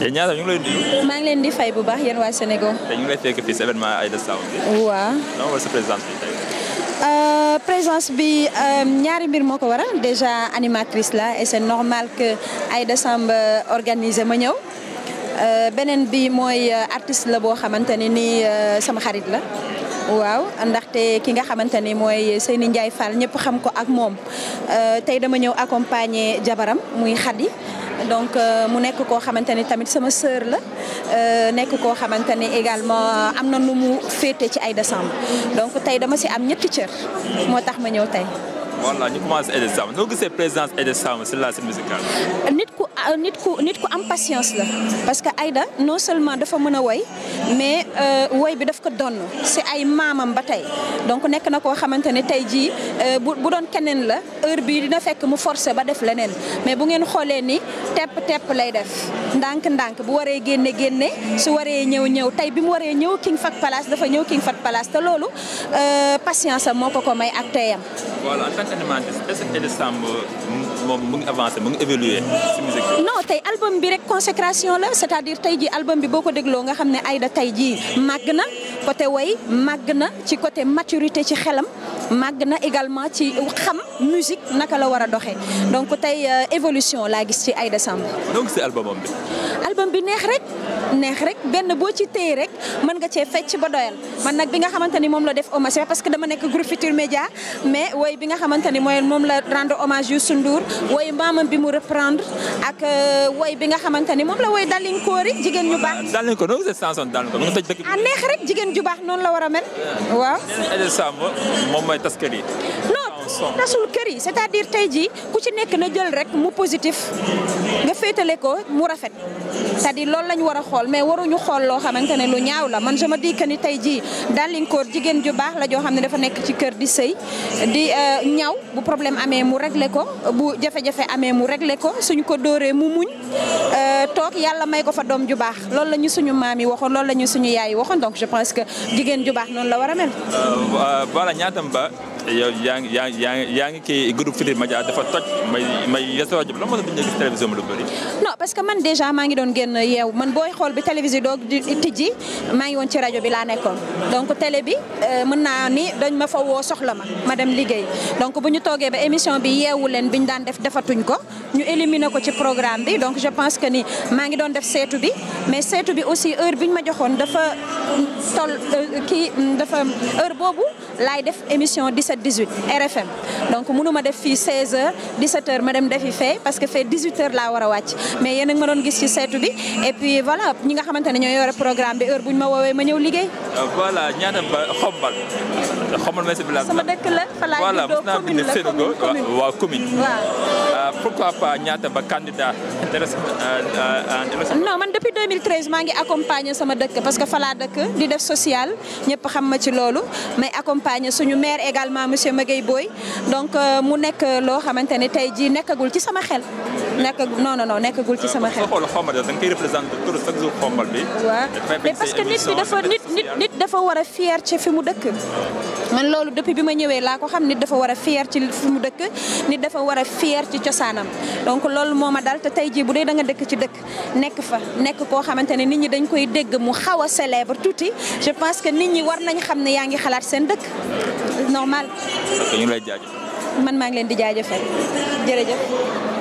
yéen ñaata maa ngi leen di fay bu baax yéen waa Sénégal. tey ñu ngi lay fekk fii bi. waaw euh, euh, ñaari mbir moo ko waral déjà animatrice la et c'est normal que Aïda Samb euh, organiser ma ñëw. beneen bi mooy artiste la boo xamante ne nii sama xarit la. waaw ndaxte ki nga xamante ni mooy Seyni Ndiaye Fall ñëpp xam ko ak moom euh, tey dama ñëw accompagner jabaram muy Khady donc euh, mu nekk koo xamante ni tamit sama sœur la euh, nekk koo xamante ni également am na nu mu féete ci Aïda Samb donc tey dama si am ñetti cër moo tax ma ñëw tey. voilà ñu commencé Aïda Samb noo gisee présidence Aïda Samb si la scène musicale. nit ku Ah, nit ku nit ku am patience la parce que ayda non seulement dafa mën a woy mais euh, woy bi daf ko donn si ay maamam ba tey donc nekk na koo xamante ne tey jii euh, bu bu doon keneen la heure bii dina fekk mu forcé ba def leneen mais bu ngeen xoolee ni tepp tepp lay def ndànk-ndànk bu waree génne génne su waree ñëw ñëw tey bi mu waree ñëw King Fat Palace dafa ñëw King Fat Palace te loolu euh, patience am moo ko ko may ak teyam. moom mu ngi avancé mu ngi évolué non tey album bi rek consécration la c'est-à-dire tey jii album bi boo ko dégloo nga xam ne Aïda tey jii màgg na côté way màgg na ci côté maturité ci xelam màgg na également ci xam musique naka la war a doxee donc tey euh, évolution laa gis ci Aïda Samb. donc si albumam bi. album bi neex rek neex rek benn boo ci téye rek mën nga cee fecc ba doyal man nag bi nga xamante ni moom la def hommage parce que dama nekk groupe Futur Média mais woy bi nga xamante ni mooy moom la rendre hommage Youssou Ndour woy maamam bi mu reprendre ak euh, woy bi nga xamante ni moom la woy Dalinkoori jigéen ñu baax. Dalinkoor donc c'est sans son Dalinkoor. ah neex rek jigéen ju baax noonu la war a mel waaw. Aïda Samb que taskari. tasul kër yi c'est-à-dire tey jii ku ci nekk na jël rek mu positif nga féetale ko mu rafet c'est-à-dire loolu lañ war a xool mais waruñu xool loo xamante ne lu ñaaw la man sama me dis que ni tey jii Dalinkoor jigéen ju baax la joo xam ne dafa nekk ci kër di sëy di euh, ñaw bu problème amee mu réglé ko bu jafe-jafe amee mu réglé ko suñu ko dóoree mu muñ euh, toog yàlla may ko fa doom ju baax lool la ñu suñu maam yi waxoon lool la ñu suñu yaay yi waxoon donc je pense que jigéen ju baax noonu la war a mel. Euh, voilà ñaatam yow yaa ngi yaa ngi yaa ngi kii groupe Futurs Médias dafa toj may may restaurant Diop lan moo tax duñ la gis télévision bi lu bëri. non parce que man déjà maa ngi doon génn yeew man booy xool bi télévision doog di tijji maa ngi woon ci rajo bi laa nekkoon donc télé bi euh, mën naa ni dañ ma fa soxla ma ma dem liggéey donc bu ñu toogee ba émission bi yeewu leen bi ñu daan def defatuñ ko ñu éliminer ko ci programme bi donc je pense que ni maa ngi doon def seetu bi mais seetu bi aussi heure bi ma joxoon dafa tol euh, kii dafa heure boobu. laay def émission 17 18 RFM donc mënu ma def fi 16h 17h ma dem defi fee parce que fee 18h laa war a wàcc mais yéen a ma doon gis ci seetu bi et puis voilà ñi nga xamante ne ñoo yore programme bi heure bu ñu ma woowee ma ñëw liggéey. Euh, voilà ñaata ba xombal. xombal ma si bilan. sama dëkk la fa laay juddoo commune la commune waaw pour pourquoi pas ñaata ba candidat intéressé euh, euh, euh, non man depuis 2013 maa ngi accompagner sama dëkk parce que fa dëkk di def sociale ñëpp xam ma ci loolu may accompagner suñu maire également monsieur Magueye booy donc mu nekk loo xamante ne tey jii nekkagul ci sama xel. nekkagul non non non nekkagul ci sama xel. soo xool xombal da nga koy représenté tur chaque jour xombal mais parce que nit dafa nit dafa war a fier ci fi mu dëkk. man loolu depuis bi ma ñëwee laa ko xam nit dafa war a fier ci fi mu dëkk nit dafa war a fier ci cosaanam donc loolu moo ma dal te tey jii bu dee da nga dëkk ci dëkk nekk fa nekk koo xamante ne nit ñi dañ koy dégg mu xaw a célèbre tuuti je pense que nit ñi war nañ xam ne yaa ngi xalaat seen dëkk normal. ñu lay jaajëf. man maa ngi leen di jaajëfal jërëjëf.